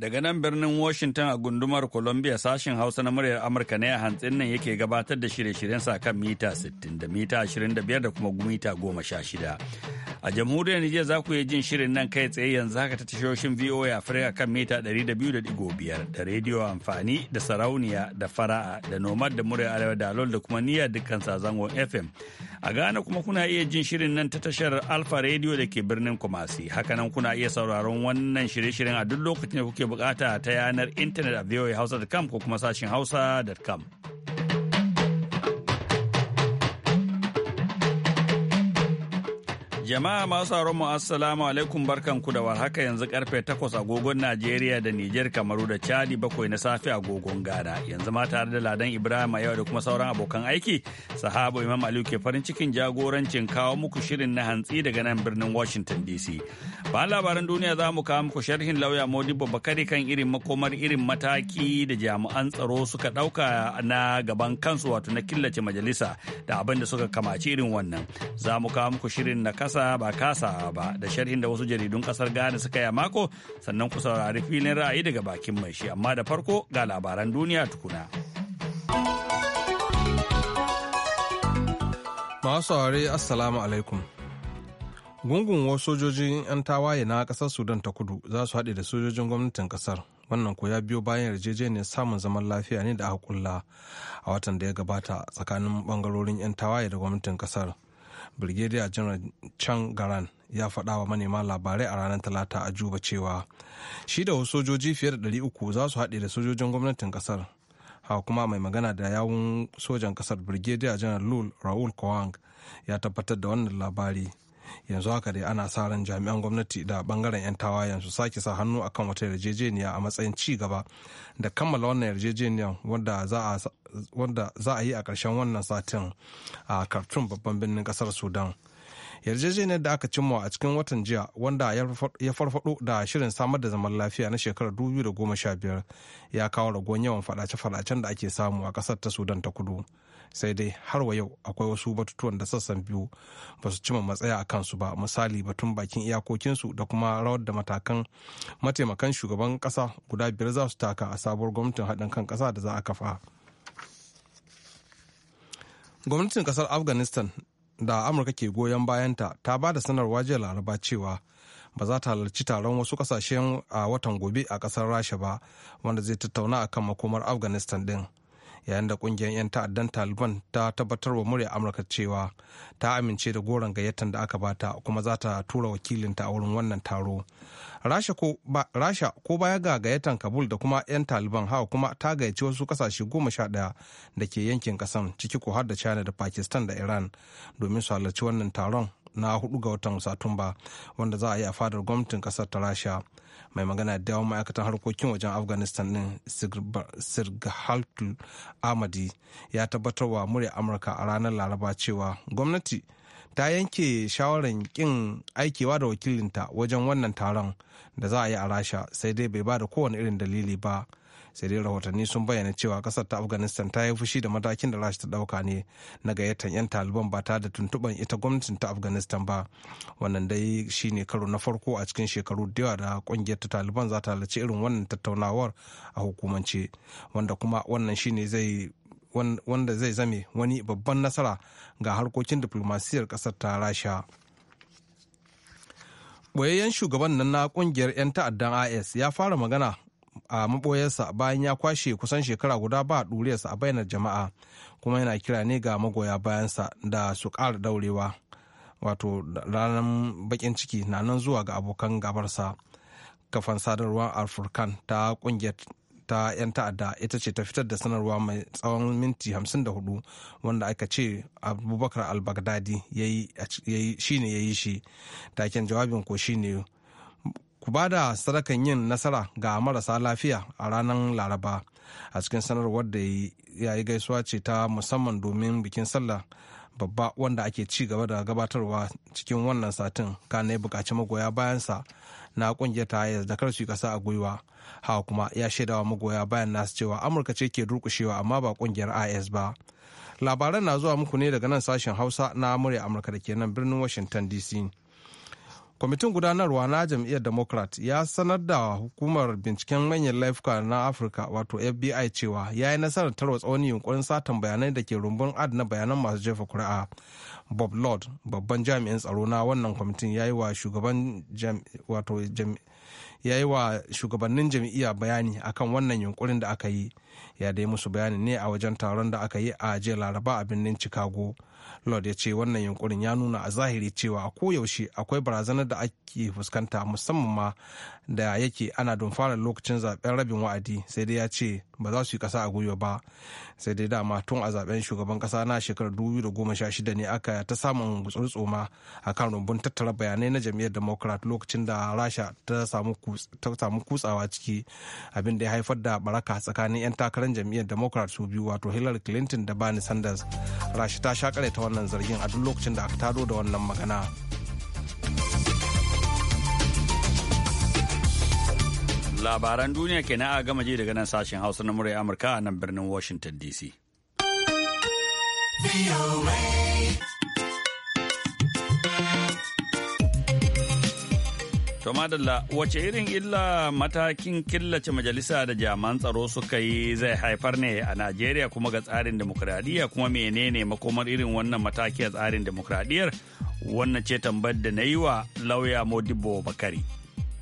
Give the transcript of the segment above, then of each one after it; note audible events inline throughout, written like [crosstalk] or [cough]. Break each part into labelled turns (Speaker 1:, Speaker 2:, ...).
Speaker 1: Daga nan birnin Washington a gundumar Columbia sashen Hausa na muryar Amurka ne a hantsin nan yake gabatar da shirye-shiryensa shiryen kan mita 60 da mita 25 da kuma mita 16. A jamhuriyar Nijar za ku iya jin shirin nan kai tsaye yanzu haka ta tashoshin VOA Africa kan mita 200.5 da rediyo amfani da sarauniya da fara'a da nomad da murya arewa da alol da kuma niyyar dukkan sazangon FM. A Ghana kuma kuna iya jin shirin nan ta tashar Alfa Radio da ke birnin Kumasi. Haka Hakanan kuna iya sauraron wannan shirye-shiryen a duk lokacin da kuke bukata ta yanar intanet a voahausa.com ko kuma sashin hausa.com. Jama'a masu mu assalamu alaikum ku. da warhaka yanzu karfe 8 agogon Najeriya da Nijar Kamaru da Chadi bakwai na safe agogon Ghana. Yanzu ma tare da Ladan Ibrahim yau da kuma sauran abokan aiki, sahabo Imam Aliyu ke farin cikin jagorancin kawo muku shirin na hantsi daga nan birnin Washington DC. Ba labaran duniya za mu kawo muku sharhin lauya Modibo Bakari kan irin makomar irin mataki da jami'an tsaro suka dauka na gaban kansu wato na killace majalisa da abin da suka kamaci irin wannan. Za mu kawo muku shirin na kasa kasa ba kasa ba da sharhin da wasu jaridun kasar Ghana suka yi mako sannan ku saurari filin ra'ayi daga bakin mai shi amma da farko ga labaran duniya tukuna.
Speaker 2: Masu saurari Assalamu alaikum. Gungun wasu sojojin 'yan tawaye na kasar Sudan ta kudu za su haɗe da sojojin gwamnatin kasar wannan ko ya biyo bayan yarjejeniyar samun zaman lafiya ne da aka kulla a watan da ya gabata tsakanin bangarorin 'yan tawaye da gwamnatin kasar. brigadier general chang garan ya faɗa wa manema labarai a ranar talata a juba cewa shi da wasu sojoji fiye da 300 za su haɗe da sojojin gwamnatin kasar haka kuma mai magana da yawun sojan kasar brigadier general lul raul kowang ya tabbatar da wannan labari yanzu haka dai ana sa ran jami'an gwamnati da bangaren 'yan tawayen su sake sa hannu akan wata yarjejeniya a matsayin ci gaba da kammala wannan yarjejeniyar wanda za a yi a ƙarshen wannan satin a khartoum babban birnin ƙasar sudan yarjejeniyar da aka cimma a cikin watan jiya wanda ya farfado da shirin samar da zaman lafiya na shekarar biyar ya kawo ragon yawan fadace-fadacen da ake samu a ƙasar ta sudan ta kudu sai dai har wa yau akwai wasu batutuwan da sassan biyu ba su cima matsaya a kansu ba misali batun bakin iyakokinsu da kuma rawar da matakan mataimakan shugaban kasa guda biyar za su taka a sabuwar gwamnatin haɗin kan kasa da za a kafa gwamnatin kasar afghanistan da amurka ke goyon bayanta ta ba da sanarwa jiya laraba cewa ba za ta halarci taron wasu kasashen a watan gobe a kasar rasha ba wanda zai tattauna akan makomar afghanistan din yayin da kungiyar 'yan ta'addan taliban ta tabbatar wa murya amurka cewa ta amince da goron gayyatan da aka bata kuma za ta tura wakilinta a wurin wannan taro rasha ko baya ga gayyatan kabul da kuma 'yan taliban hawa kuma ta gayyaci wasu kasashe goma sha ɗaya da ke yankin kasan ciki ko har da china da pakistan da iran domin su halarci wannan taron na hudu ga watan satumba wanda za a yi a fadar gwamnatin kasar ta rasha mai magana da yawan ma'aikatan harkokin wajen afghanistan din sirgahaltul amadi ya tabbatar wa murya amurka a ranar laraba cewa gwamnati ta yanke shawarar kin aikewa da wakilinta wajen wannan taron da za a yi a rasha sai dai bai ba da kowane irin dalili ba sai dai rahotanni sun bayyana cewa kasar ta afghanistan ta yi fushi da matakin da rasha ta dauka ne na gayyatar 'yan taliban ba ta da tuntuban ita gwamnatin ta afghanistan ba wannan dai shine karo na farko a cikin shekaru da yawa da kungiyar ta taliban za ta halarci irin wannan tattaunawar a hukumance wanda kuma wannan shine zai wanda zai zame wani babban nasara ga harkokin diplomasiyyar kasar ta rasha boyayyen shugaban nan na kungiyar 'yan ta'addan is ya fara magana a maboyarsa bayan ya kwashe kusan shekara guda ba ɗuriyarsa a bainar jama'a kuma yana kira ne ga magoya bayansa da su ƙara daurewa wato ranar baƙin ciki na nan zuwa ga abokan gabarsa kafan sadarwar alfurkan ta ƙungiyar ta 'yan ta'adda ita ce ta fitar da sanarwa mai tsawon minti 54 wanda aka ce abubakar al-baghdadi shine ya yi shi taken jawabin ko shi ne. ku ba da sadakan yin nasara ga marasa lafiya a ranar laraba a cikin sanarwar da ya yi gaisuwa ce ta musamman domin bikin sallah babba wanda ake ci gaba da gabatarwa cikin wannan satin kana ya bukaci magoya bayansa na kungiyar ta da kar kasa a gwiwa hawa kuma ya shaidawa magoya bayan nasu cewa amurka ce ke durkushewa amma ba kungiyar is ba labaran na zuwa muku ne daga nan sashen hausa na murya amurka da ke nan birnin washington dc kwamitin gudanarwa na jam'iyyar democrat ya sanar da hukumar binciken manyan laifuka na afirka wato fbi cewa ya yi nasarar tarwa tsawon yunkurin satan bayanai da ke rumbun adana bayanan masu jefa kuri'a bob lord babban jami'in tsaro na wannan kwamitin ya yi wa shugaban wato ya yi wa shugabannin jam'iyya bayani akan wannan yunkurin da aka yi ya dai musu bayani ne a wajen taron da aka yi a jiya laraba a birnin chicago lord ya ce wannan yunkurin ya nuna a zahiri cewa a koyaushe akwai barazanar da ake fuskanta musamman ma da yake ana don lokacin zaben rabin wa'adi sai dai ya ce ba za su yi kasa a gwiwa ba sai dai dama tun a zaben shugaban kasa na shekarar 2016 ne aka ta samun gutsurtsoma a kan rumbun tattara bayanai na jam'iyyar democrat lokacin da rasha ta samu kutsawa ciki abin da ya haifar da baraka tsakanin 'yan takarar jam'iyyar democrat su biyu wato hillary clinton da bernie sanders rasha ta sha ta wannan zargin a duk lokacin da aka taro da wannan magana.
Speaker 1: Labaran duniya ke na a gama je daga nan sashen Hausa na murya Amurka a nan birnin Washington DC. To madalla wace irin illa matakin killace majalisa da jaman tsaro suka yi zai haifar ne a Najeriya kuma ga tsarin demokradiyya kuma menene makomar irin wannan mataki a tsarin demokradiyyar wannan ce tambar da na yi wa lauya Modibo Bakari.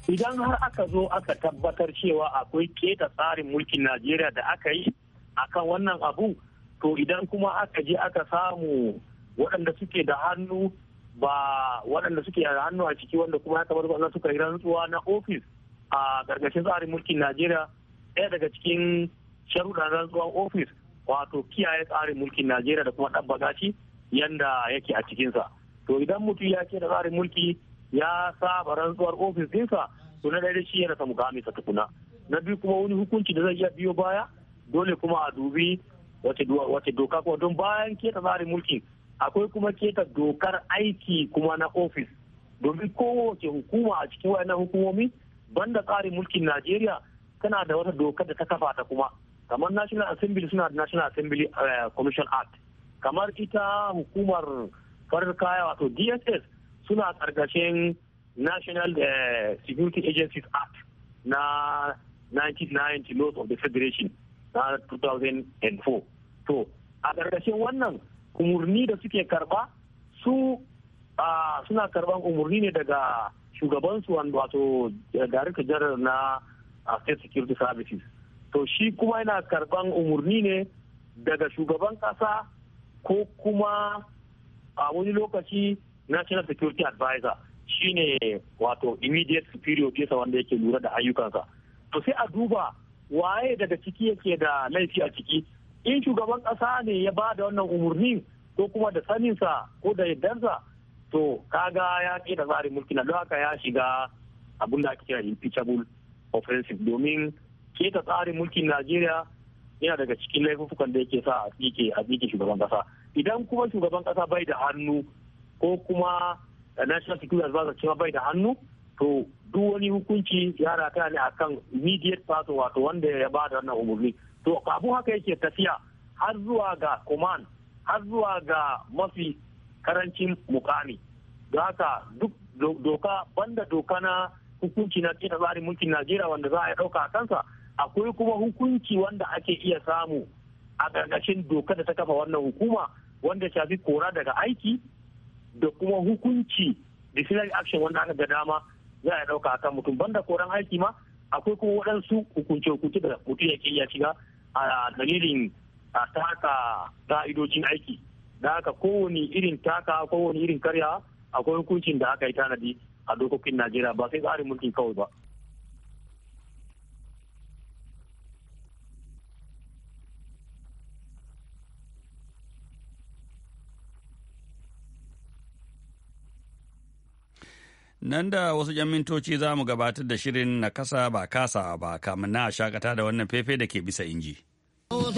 Speaker 3: idan har aka zo aka tabbatar cewa akwai keta tsarin mulkin najeriya da aka yi akan wannan abu to idan kuma aka je aka samu waɗanda suke da hannu ba waɗanda suke da hannu a ciki wanda kuma ya kamata ba suka yi rantsuwa na ofis a gargashin tsarin mulkin najeriya ɗaya daga cikin sharuɗa rantsuwan ofis wato kiyaye tsarin mulkin najeriya da kuma ɗabbaga shi yanda yake a cikinsa to idan mutum ya ke da tsarin mulki ya saba rantsuwar ofis dinsa to na daidai shi ya rasa mukami sa tukuna na biyu kuma wani hukunci da zai iya biyo baya dole kuma a dubi wace doka kuma don bayan keta tsarin mulki akwai kuma keta dokar aiki kuma na ofis domin kowace hukuma a cikin wayannan hukumomi banda tsarin mulkin najeriya tana da wata dokar da ta kafa ta kuma kamar national assembly suna da national assembly eh, commission act kamar ita hukumar farin kaya wato dss suna ƙarƙashin national eh, security agencies act na 1990 laws of the federation na 2004 to a ƙarƙashin wannan umarni da suke karba su suna karban umarni ne daga shugabansu wato eh, director general na state security services to shi kuma yana karban umarni ne daga shugaban ƙasa ko kuma a wani lokaci national security advisor shine wato immediate superior officer wanda yake lura da ayyukansa to sai a duba waye daga ciki yake da laifi a ciki in shugaban kasa ne ya ba da wannan umarni ko kuma da saninsa ko da yardarsa to kaga ya ke da tsarin mulki na haka ya shiga abin da ake kira impeachable offensive domin ke ta tsarin mulkin najeriya yana daga cikin laifukan da yake sa a tsike a tsike shugaban kasa idan kuma shugaban kasa bai da hannu ko kuma national security advisor cewa bai da hannu to duk wani hukunci ya rata ne akan immediate person wato wanda ya ba da wannan umarni to abu haka yake tafiya har zuwa ga command har zuwa ga mafi karancin mukami da haka duk doka banda doka na hukunci na cikin tsarin mulkin najeriya wanda za a ɗauka a kansa akwai kuma hukunci wanda ake iya samu a ƙarƙashin doka da ta kafa wannan hukuma wanda shafi kora daga aiki da kuma hukunci disciplinary action wanda aka ga dama za a ɗauka akan mutum banda koran aiki ma akwai kuma waɗansu hukunce hukunce da mutum yake iya shiga a dalilin a taka ka'idojin aiki da haka kowane irin taka kowane irin karyawa akwai hukuncin da aka yi tanadi a dokokin najeriya ba sai tsarin mulkin kawai ba
Speaker 1: Nan da wasu 'yan mintoci za mu gabatar da shirin na kasa ba kasa ba kamun na shakata da wannan fefe da ke bisa inji.
Speaker 4: Oh,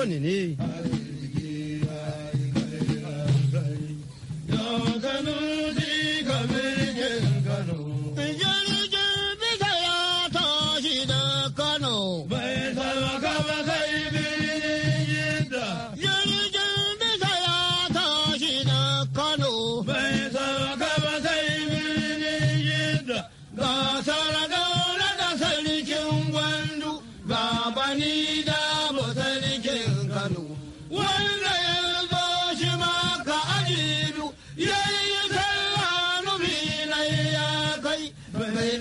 Speaker 4: kowane ne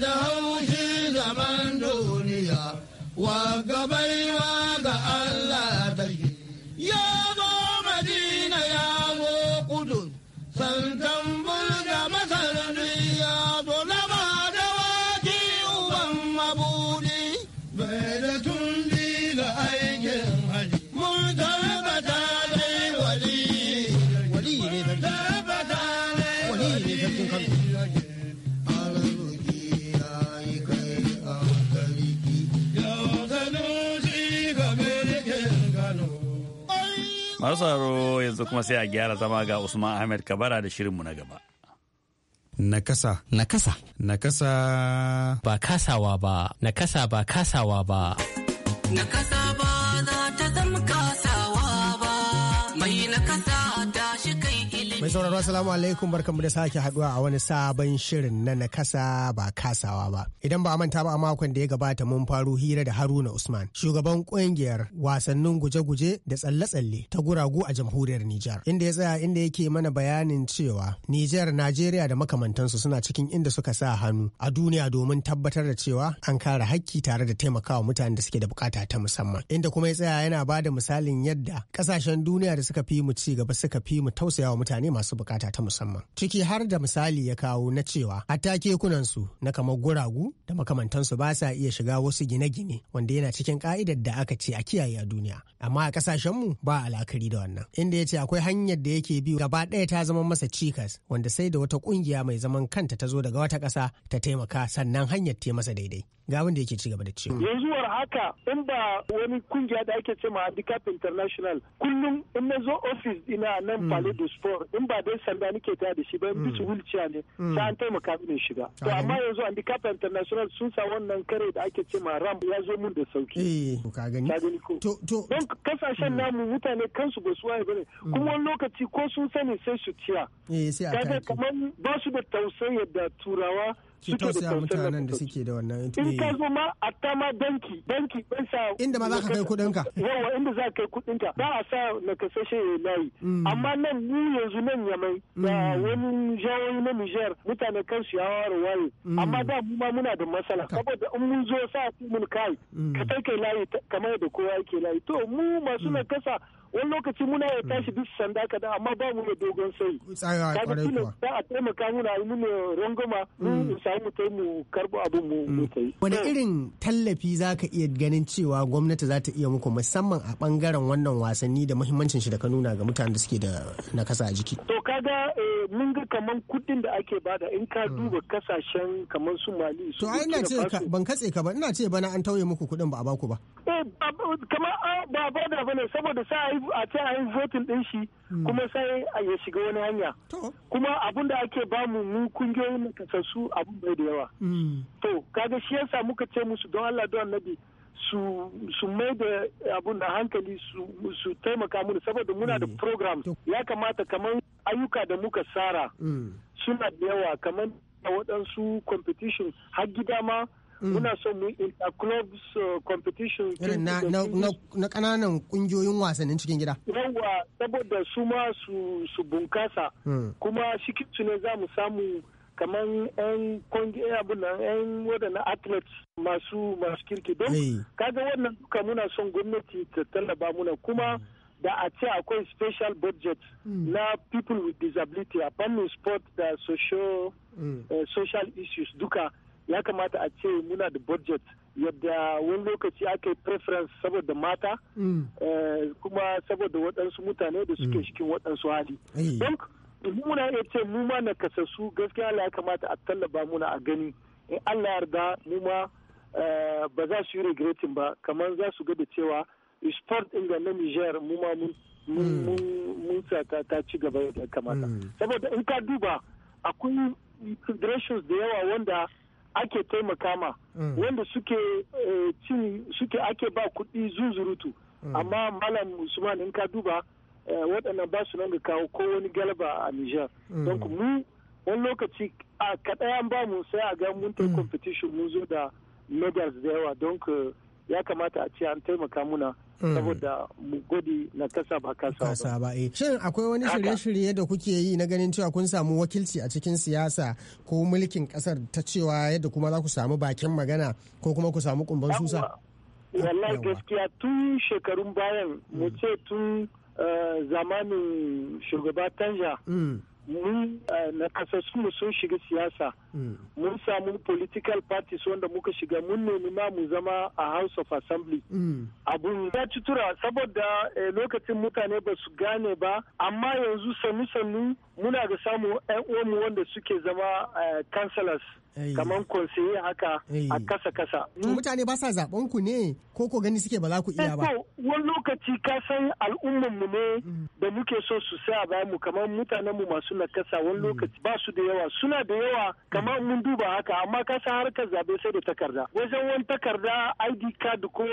Speaker 4: da haushi zaman duniya wa gabai
Speaker 1: masu haro yanzu kuma sai a gyara zama ga usman ahmed kabara da shirinmu na gaba Nakasa. Nakasa. Nakasa.
Speaker 5: Ba kasawa ba. Nakasa ba kasawa ba.
Speaker 4: Nakasa ba za ta zama kasawa ba. Mai nakasa. Mai
Speaker 5: sauraro Assalamu alaikum barkamu da sake haduwa a wani sabon shirin na na kasa ba kasawa ba. Idan ba a manta ba a makon da ya gabata mun faru hira da Haruna Usman, shugaban kungiyar wasannin guje-guje da tsalle-tsalle ta guragu a jamhuriyar Niger. Inda ya tsaya inda yake mana bayanin cewa Niger, Najeriya da makamantansu suna cikin inda suka sa hannu a duniya domin tabbatar da cewa an kare hakki tare da taimakawa mutanen da suke da bukata ta musamman. Inda kuma ya tsaya yana ba da misalin yadda kasashen duniya da suka fi mu ci gaba suka fi mu tausayawa mutane masu bukata ta musamman ciki har da misali ya kawo na cewa hatta kekunansu na kamar guragu da makamantansu ba sa iya shiga wasu gine-gine wanda yana cikin ka'idar da aka ce a kiyaye a duniya amma a kasashenmu ba alakari da wannan inda ya ce akwai hanyar da yake bi gaba ɗaya ta zama masa cikas wanda sai da wata ƙungiya mai zaman kanta ta zo daga wata ƙasa ta taimaka sannan hanyar ta masa daidai ga wanda yake cigaba da cewa.
Speaker 6: yanzu war haka in ba wani kungiya da ake cewa handicap international kullum in na zo office ina nan hmm. palo de sport in ba dai sanda nake ta da shi ba bi bisu hmm. wheelchair ne hmm. sai an taimaka mini shiga to amma yanzu handicap international sun sa wannan kare da ake cewa ram ya zo mun da sauki eh ka gani to to don kasashen namu mutane kansu ba su waye bane kuma wani lokaci ko sun sani sai su ciya eh sai a kamar ba su da tausayi da turawa ki tausaya mutanen da suke da wannan in ka zo ma a ta banki banki ban sa inda ma za ka kai kuɗin ka yawa inda za ka kai kuɗin ka ba a sa na kasashe ya layi mm. amma nan mu yanzu nan yamai da mm. wani jawoyi na Niger mutane kan su yawa waye mm. amma da mu ma muna da matsala saboda in mun zo sa mun kai ka kai layi kamar da kowa yake layi to mu masu na kasa wani lokaci muna ya tashi duk sanda kada amma ba mu da dogon sai kaga a taimaka muna yi muna rangama mun mm. samu mu tai mu karbo abin mu mm.
Speaker 5: wani irin tallafi zaka iya ganin cewa gwamnati za ta iya muku musamman a bangaren wannan wasanni da muhimmancin shi da ka nuna ga mutanen da suke da nakasa a jiki
Speaker 6: to kaga eh, mun ga kaman kuɗin da ake bada in ka mm. duba kasashen kaman su mali to ai ina ce ban
Speaker 5: katse ka ba ina ce bana an tauye muku kuɗin ba a baku ba
Speaker 6: eh kamar ah, ba ba da bane saboda sai a ce a yi votin din shi hmm. kuma sai a ya shiga wani hanya kuma abin da ake bamu mu kungiyoyin nakasassu abin bai da yawa hmm. to kaga shi yasa muka ce musu don Allah don annabi su su mai da abun da hankali su taimaka mu saboda muna da hmm. program ya kamata kamar ayyuka da muka sara suna da yawa kamar waɗansu competition har gida ma Mm. muna son mu clubs uh, competition na
Speaker 5: kananan kungiyoyin wasannin cikin gida
Speaker 6: yawa saboda su ma su bunkasa mm. kuma shi ne za mu samu kamar yan kungiyoyi eh, abin yan waɗannan athletes masu masu kirki don kaga wannan duka muna son gwamnati ta tallaba muna kuma mm. da a ce akwai special budget na people with disability a fannin sport da social eh, issues duka ya kamata a ce muna da budget yadda wani lokaci aka yi preference saboda mata mm. eh, kuma saboda waɗansu mutane da suke mm. cikin waɗansu hali. Eh. muna iya ce mu ma na kasassu gaskiya ya kamata a tallaba muna a gani in Allah yarda mu ma eh, ba za su yi regretin ba kamar za su ga da cewa sport din na Niger mu ma mun mm. ta ci gaba ya kamata saboda in ka duba akwai federations da yawa wanda ake taimaka ma mm. wanda suke eh, cin suke ake ba kuɗi zuzurutu mm. amma malam usman in ka duba eh, waɗannan ba su nan ga kawo ko wani galaba a nijar mm. don mu wani lokaci a kaɗai an ba mu sai a ga mun ta competition mun zo da medals da yawa don ya kamata a ce an taimaka muna Mm. saboda mu na kasa ba kasa ba. Kasa ba
Speaker 5: eh. Shin akwai wani shirye-shirye da kuke yi na ganin cewa kun samu wakilci a cikin siyasa ko mulkin kasar ta cewa yadda kuma za ku samu bakin magana ko kuma ku samu kumban susa?
Speaker 6: Wallahi gaskiya tun shekarun bayan mu mm. ce tun eh, zamanin shugaba Tanja mm. mun eh, na kasa sun shiga siyasa. Mm. mun samu political parties wanda muka shiga mun nemi ma mu zama a house of assembly mm. abun ya ci tura saboda eh, lokacin mutane ba su gane ba amma yanzu sannu sannu muna da samu yan uwanmu wanda suke zama eh, councillors kamar konseye haka a kasa kasa. mutane
Speaker 5: ba sa zaben ku ne ko ko gani suke ba za ku iya ba. Eh,
Speaker 6: wani lokaci ka san al'ummar mu ne mm. da muke so su sa ba mu kamar mutanen mu masu nakasa wani lokaci ba su da yawa suna da yawa kamar mun duba haka amma ka san harkar zabe sai da takarda wajen wani takarda ID card ko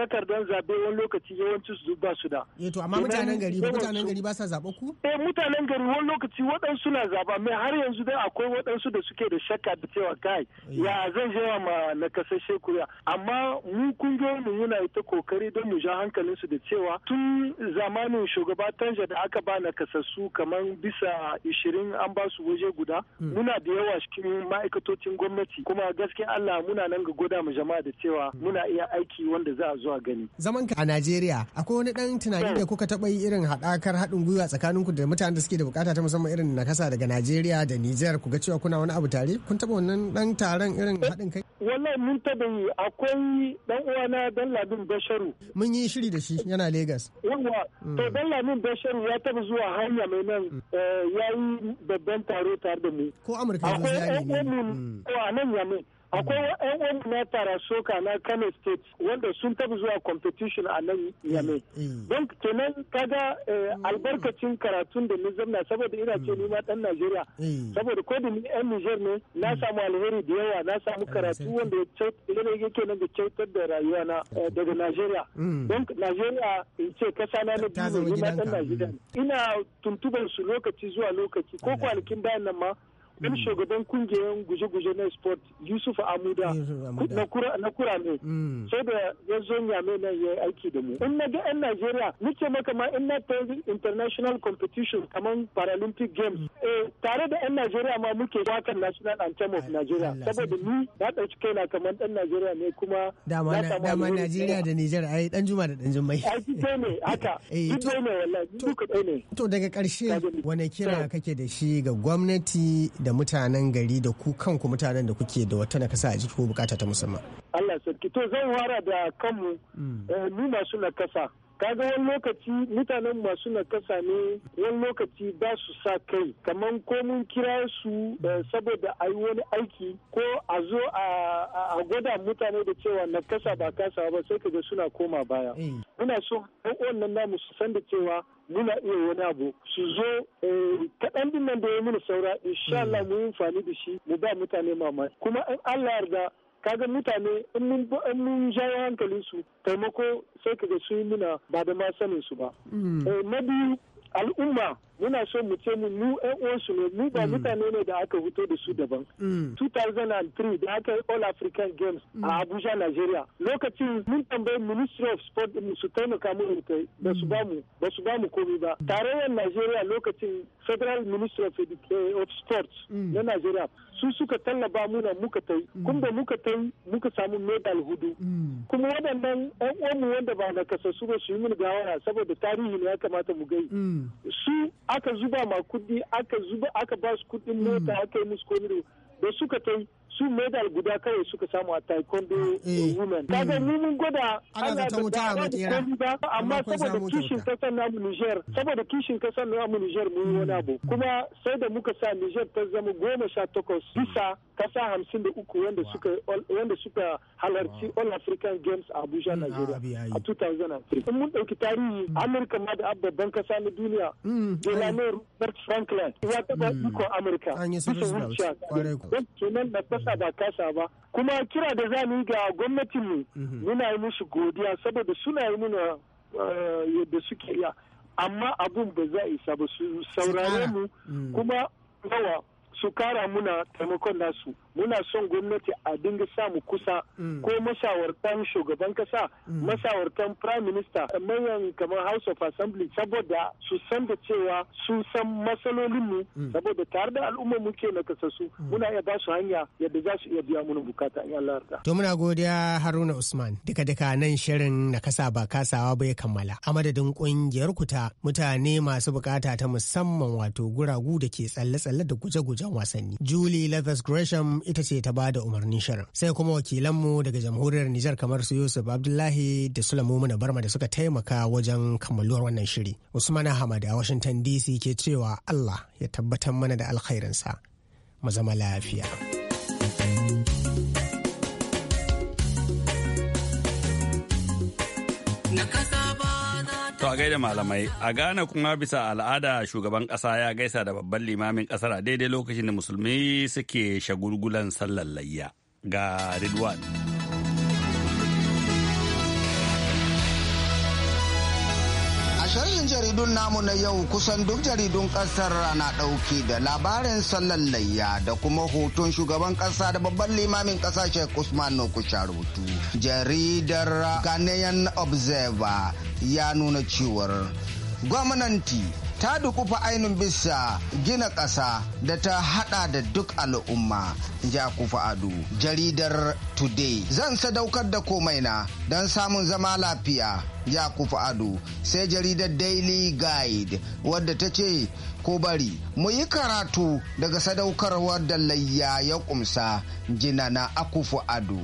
Speaker 6: takardan zabe wani lokaci yawanci su ba su da eh to amma mutanen gari mutanen gari
Speaker 5: ba sa zabe ku
Speaker 6: eh mutanen gari wani lokaci waɗansu na zaba mai har yanzu dai akwai waɗansu da suke da shakka da cewa kai eh. ya zan je ma na kasashe kuya amma mu kungiyoyin mu muna ita kokari don mu ja hankalin su da cewa tun zamanin shugaba Tanja da aka ba na kasassu kamar bisa 20 an ba su waje guda hmm. muna da yawa cikin ne ma'aikatocin gwamnati kuma gaskiya Allah muna nan ga goda mu jama'a da cewa muna iya aiki wanda za a zuwa gani.
Speaker 5: Zaman ka a Najeriya akwai wani dan tunani da kuka taɓa yi irin haɗakar haɗin gwiwa tsakanin ku da mutanen da suke da bukata ta musamman irin nakasa daga Najeriya da Nijar ku ga cewa kuna wani abu tare kun taɓa wannan dan taron irin haɗin
Speaker 6: kai. Wallahi mun taɓa yi akwai dan uwana dan Labin Basharu. Mun yi shiri da shi yana Legas. Yawa mm. to dan Labin Basharu ya taɓa zuwa hanya mai nan eh, ya yi babban taro tare da mu. Ko Amurka ya yan uwanmu a nan yame akwai yan mm-hmm. uwanmu na tara soka na Kano State wanda sun tafi zuwa competition a nan yame mm-hmm. mm-hmm. don kenan kaga eh, albarkacin karatun da ni zamna saboda ina ce ni ma dan Najeriya saboda ko da ni yan Niger ne na samu alheri da yawa na samu karatu wanda yake nan da kyautar da rayuwa na eh, daga Najeriya mm. don Najeriya in ce kasa na na biyu ne ma dan Najeriya mm. ina tuntuban su lokaci zuwa lokaci ko kwanakin bayan nan ma ɗan mm. shugaban kungiyar guje-guje na sport yusuf amuda na kura ne mm. sai da ya zo yame nan ya aiki da mu in na ga yan najeriya nake maka ma in na ta international competition kamar paralympic games mm. eh, tare da yan najeriya ma muke wakan national anthem of nigeria saboda ni na ɗauki kaina kamar ɗan najeriya ne kuma dama najeriya da
Speaker 5: nijar yi dan juma da dan jummai ai kike ne haka [laughs] eh, ne wallahi duka ne to daga ƙarshe wani kira kake da shi ga gwamnati da mutanen gari da ku kanku mutanen da kuke da wata nakasa a jiki ko bukata ta musamman
Speaker 6: Allah sarki to zan wara da kanmu ni mm. eh, masu nakasa kaga wani lokaci mutanen masu nakasa ne wani lokaci ba su sa kai kamar ko mun kira su eh, saboda a yi wani aiki ko a zo a gwada mutane da cewa nakasa ba kasa ba sai ka kaga suna koma baya eh. muna so wannan namu su san da cewa muna iya wani abu su zo eh, kaɗan din nan da ya mini saura insha hmm. Allah mu yi amfani da shi mu ba mutane mamaki kuma in Allah yarda kaga mutane in mun shayo hankalin su taimako sai kaga su mina ba da ma sanin su ba mm. eh, na biyu al'umma muna so mu ce mu nu ɗan uwansu ne mu ba mm. mutane ne da aka fito da su daban 2003 mm. da aka yi all african games a mm. abuja nigeria lokacin mun tambayi ministry of sport su taimaka mu kai ba su ba mu ba su ba komai ba tarayyar nigeria lokacin federal ministry of eh, sports na nigeria su suka tallaba muna muka tai kun ba muka tai muka samu medal hudu kuma waɗannan ɗan uwanmu wanda ba na kasa su ba su yi mun gawara saboda tarihi ne ya kamata mu gai su aka zuba ma kudi aka zuba aka ba su kudin mota hmm. aka yi musu komai da suka tai su medal guda kawai suka samu a taekwondo eh. women kaga ni hmm.
Speaker 3: mun gwada ana da
Speaker 6: ba amma saboda kishin kasar namu Niger saboda kishin kasar namu Niger mun wani abu hmm. kuma sai da muka sa Niger ta zama goma sha takwas bisa kasa hamsin da uku wanda suka wanda suka halarci All African Games a Abuja hmm, Nigeria ah, a 2003 mun dauki tarihi Amurka ma da babban kasa na duniya Delano Robert Franklin ya taba iko Amurka bisa wuciya kenan kasa ba kasa ba kuma kira da za mu yi ga gwamnatinmu mhm. muna yi musu godiya saboda suna yi muna eh, yadda suke iya amma abun ba za isa ba su saurare mu mm. kuma yawa su kara muna taimakon nasu muna son gwamnati a dinga samu kusa mm. ko mashawartan shugaban kasa mm. mashawartan prime minister manyan kamar house of assembly saboda su san da cewa su san matsalolinmu mm. saboda tare da al'umma muke na kasasu muna iya ba su hanya yadda za su iya biya muna bukata in Allah yarda
Speaker 5: to muna godiya Haruna Usman duka duka nan shirin na kasa ba kasawa bai kammala a madadin kungiyar ku ta mutane masu bukata ta musamman wato guragu da ke tsalle tsalle da guje guje rahoton wasanni. Julie Leathers Gresham ita ce ta bada umarnin shirin. Sai kuma wakilanmu daga jamhuriyar Nijar kamar su Yusuf Abdullahi da Sulaimu Muna Barma da suka taimaka wajen kammaluwar wannan shiri. Usman Ahmad a Washington DC ke cewa Allah ya tabbatar mana da alkhairinsa. Mu zama lafiya.
Speaker 4: Na
Speaker 1: a da malamai a Ghana kuma bisa al'ada shugaban ƙasa ya gaisa da babban limamin ƙasar a daidai lokacin da musulmi suke shagulgulan sallar layya ga Ridwan.
Speaker 7: sharhin jaridun namu na yau kusan duk jaridun kasar na ɗauke da labarin sallar layya da kuma hoton shugaban kasa da babban limamin kasa Sheikh Usman rubutu Jaridar Ghanaian Observer ya nuna cewar gwamnati ta dukufa ainihin bisa gina ƙasa da ta hada da duk al'umma jakufa adu jaridar today zan sadaukar da komai na don samun zama lafiya yakufa sai jaridar daily guide wadda ta ce ko bari mu yi karatu daga sadaukarwar da layya ya kumsa jina na akufu adu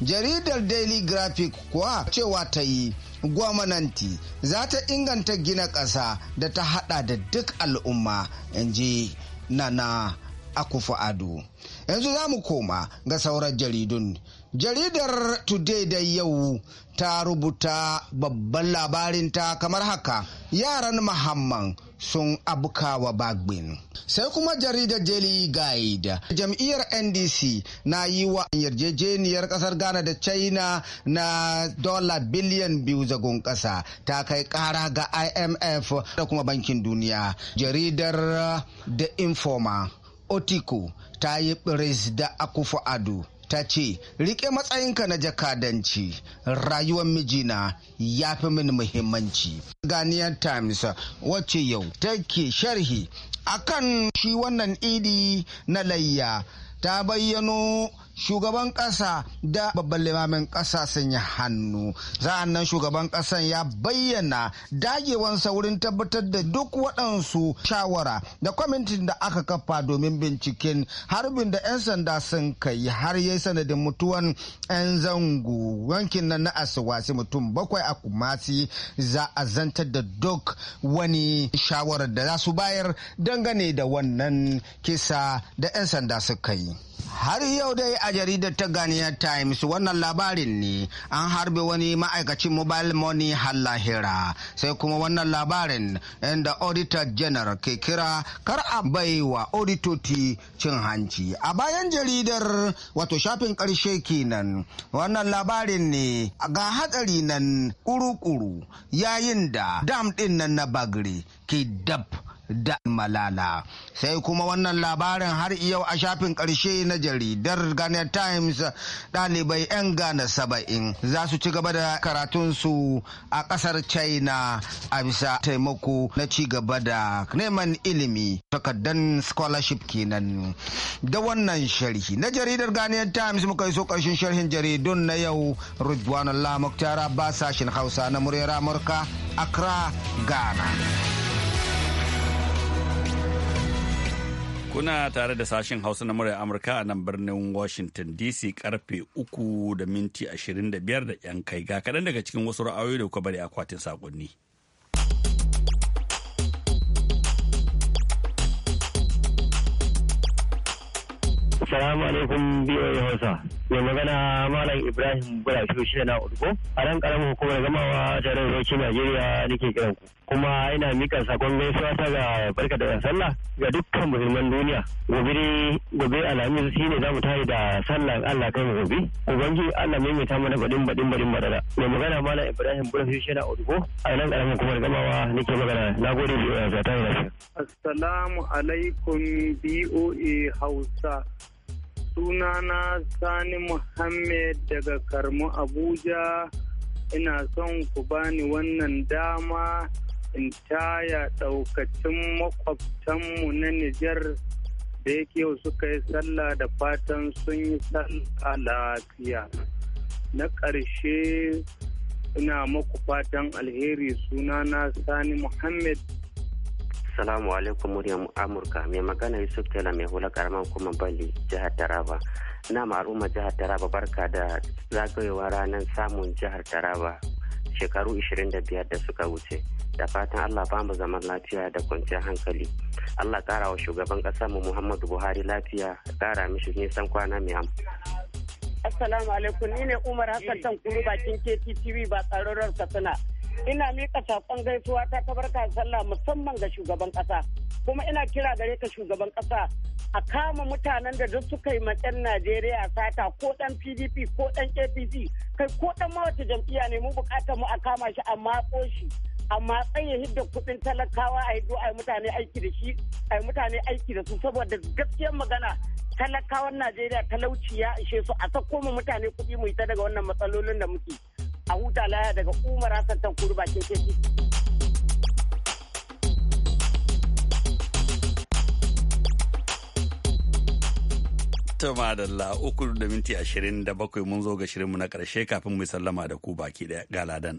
Speaker 7: jaridar daily graphic kuwa cewa ta yi gwamnati za ta inganta gina ƙasa da ta hada da duk al'umma in ji nana akufu ado yanzu za mu koma ga sauran jaridun jaridar today da yau ta rubuta babban labarinta kamar haka yaran muhamman sun abukawa bagbin sai kuma jaridar daily guide jam'iyyar ndc na yi wa yarjejeniyar kasar ghana da china na dola biliyan biyu zagon kasa ta kai kara ga imf da kuma bankin duniya jaridar uh, The informer otiko ta yi biris da akufu ado ta ce rike matsayinka na jakadanci rayuwar mijina ya fi min muhimmanci ganiyar times wacce yau take sharhi akan shi wannan idi na layya ta bayyano shugaban ƙasa da babban limamin ƙasa sun yi hannu za'an nan shugaban ƙasan ya bayyana dagewansa wurin tabbatar da duk waɗansu shawara da kwamitin da aka kafa domin binciken harbin da 'yan sanda sun kai har yi sanadin mutuwan 'yan zango wankin nan na asuwasi mutum bakwai a kumasi za a zantar da duk wani shawarar da za su bayar dangane da wannan kisa da 'yan sanda suka yi har yau dai a jaridar ta ganiya Times wannan labarin ne an harbe wani ma'aikacin mobile money hallahira sai kuma wannan labarin inda auditor general ke kira kar a bai baiwa auditoti cin hanci a bayan jaridar wato shafin karshe kenan wannan labarin ne ga hatsari nan kuru-kuru yayin da dam din nan na bagre ke dab da malala sai kuma wannan labarin har yau a shafin ƙarshe na jaridar ghana times ɗalibai 'yan ghana saba'in za su ci gaba da karatunsu a ƙasar china a bisa taimako na ci gaba da neman ilimi takaddan scholarship kenan da wannan sharhi na jaridar Ghana times muka iso ƙarshen sharhin jaridun na yau rujwanallah muktara ba sashen hausa na muryar amurka accra ghana
Speaker 1: Kuna tare da sashen Hausa na murar Amurka a nan birnin Washington DC karfe uku da minti 25 da 'yan kai ga kaɗan daga cikin wasu ra'ayoyi da kuka bari akwatin sakonni.
Speaker 3: salamu alaikum ya Hausa. Mai magana Malam Ibrahim Burashi shi na Udugo. A nan ƙaramin hukumar gamawa da Rauroci Najeriya nake kiran ku. kuma ina mika sakon gaisuwa ta ga barka da sallah ga dukkan musulman duniya gobe gobe alhamis shine zamu tayi da sallan Allah kai mu gobe ubangi Allah ta mana badin badin badin madara mai magana mallam Ibrahim Burafi Shena Odugo a nan karamin kuma gamawa nake magana nagode da yawa ta yi Assalamu alaikum BOA Hausa sunana Sani Muhammad daga Karmo Abuja ina son ku bani wannan dama intaya daukacin makwabtanmu na Nijar da yake yau suka yi sallah da fatan sun yi sallah lafiya. Na ƙarshe ina maku fatan alheri sunana Sani Muhammad.
Speaker 7: Salamu alaikum muryar Amurka mai magana Yusuf Tela mai hula ƙaramin kuma Bali jihar Taraba. Na ma'aruma jihar Taraba barka da zagayowar ranar samun jihar Taraba shekaru 25 da suka wuce da fatan allah ba mu zaman lafiya da kwanciyar hankali allah kara wa shugaban kasa mu muhammadu buhari lafiya kara mishi nisan kwana mai am assalamu alaikum ni ne umar hassan tankuru bakin kttv ba tsaron rarka suna. ina mika sakon gaisuwa ta tabarka sallah musamman ga shugaban ƙasa kuma ina kira gare ka shugaban ƙasa a kama mutanen da duk suka yi matsan Najeriya sata ko dan PDP ko dan APC kai ko dan mawata jam'iyya ne mu bukatar mu a kama shi a mako shi amma tsaye hidda kuɗin talakawa a yi a mutane aiki da shi a mutane aiki da su saboda gaskiyar magana talakawan Najeriya talauci ya ishe su a sako mu mutane kuɗi mu ita daga wannan matsalolin da muke a huta laya daga umar hassan tankuru bakin keji.
Speaker 1: to madalla uku da minti ashirin da bakwai mun zo ga shirinmu na ƙarshe kafin mu sallama da ku baki ɗaya ga ladan.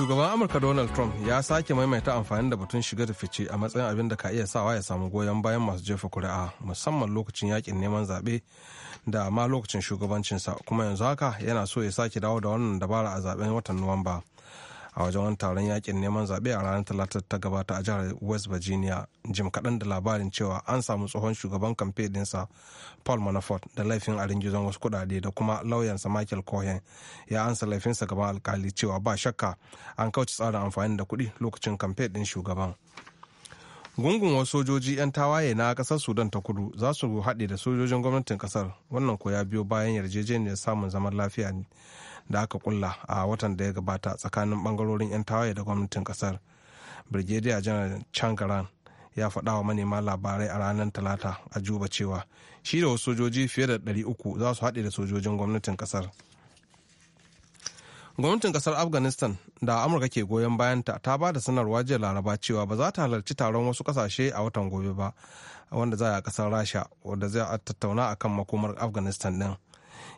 Speaker 2: shugaban amurka donald trump ya sake maimaita amfani da batun shiga da fice a matsayin abin da ka iya sawa ya samu goyon bayan masu jefa kuri'a musamman lokacin yakin neman zaɓe da ma lokacin shugabancinsa kuma yanzu haka yana so ya sake dawo da wannan dabara a zaben watan nuwamba a wajen wani taron yakin neman zaɓe a ranar talata ta gabata a jihar west virginia jim kaɗan da labarin cewa an samu tsohon shugaban kamfe ɗinsa paul manafort da laifin a ringizon wasu kuɗaɗe da kuma lauyansa michael cohen ya ansa laifinsa gaban alkali cewa ba shakka an kauce tsarin amfani da kuɗi lokacin kamfe ɗin shugaban gungun wasu sojoji 'yan tawaye na kasar sudan ta kudu za su haɗe da sojojin gwamnatin kasar wannan ko ya biyo bayan yarjejeniyar samun zaman lafiya ne da aka kulla a watan da ya gabata tsakanin bangarorin 'yan tawaye da gwamnatin kasar brigadier general changaran ya faɗa wa manema labarai a ranar talata a juba cewa shi da wasu sojoji fiye da 300 za su haɗe da sojojin gwamnatin kasar gwamnatin kasar afghanistan da amurka ke goyon bayanta ta ba da sanarwa jiya laraba cewa ba za ta halarci taron wasu kasashe a watan gobe ba wanda za a kasar rasha wanda zai a tattauna akan makomar afghanistan din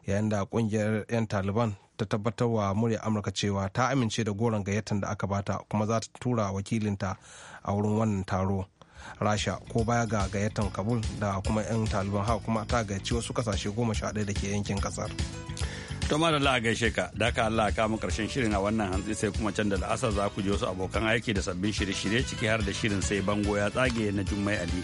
Speaker 2: yayin da kungiyar 'yan taliban ta tabbatar wa murya amurka cewa ta amince da goron gayyatan da aka bata kuma za ta tura wakilinta a wurin wannan taro rasha ko baya ga gayyatan kabul da kuma 'yan taliban haka kuma ta gayyaci wasu kasashe goma sha ɗaya da ke yankin kasar
Speaker 1: to ma da Allah gaishe ka da ka Allah ka mu karshen shirin a wannan hantsi sai kuma can da la'asar za ku je wasu abokan aiki da sabbin shirye-shirye ciki har da shirin sai bango ya tsage na jummai ali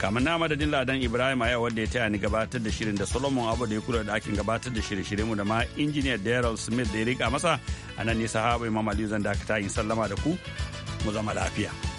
Speaker 1: kamar na madadin ladan ibrahim yau wanda ya taya ni gabatar da shirin da solomon abu da ya kula da akin gabatar da shirye-shirye mu da ma injiniyar daryl smith da ya rika masa a nan ne sahaba imam zan dakata in sallama da ku mu zama lafiya.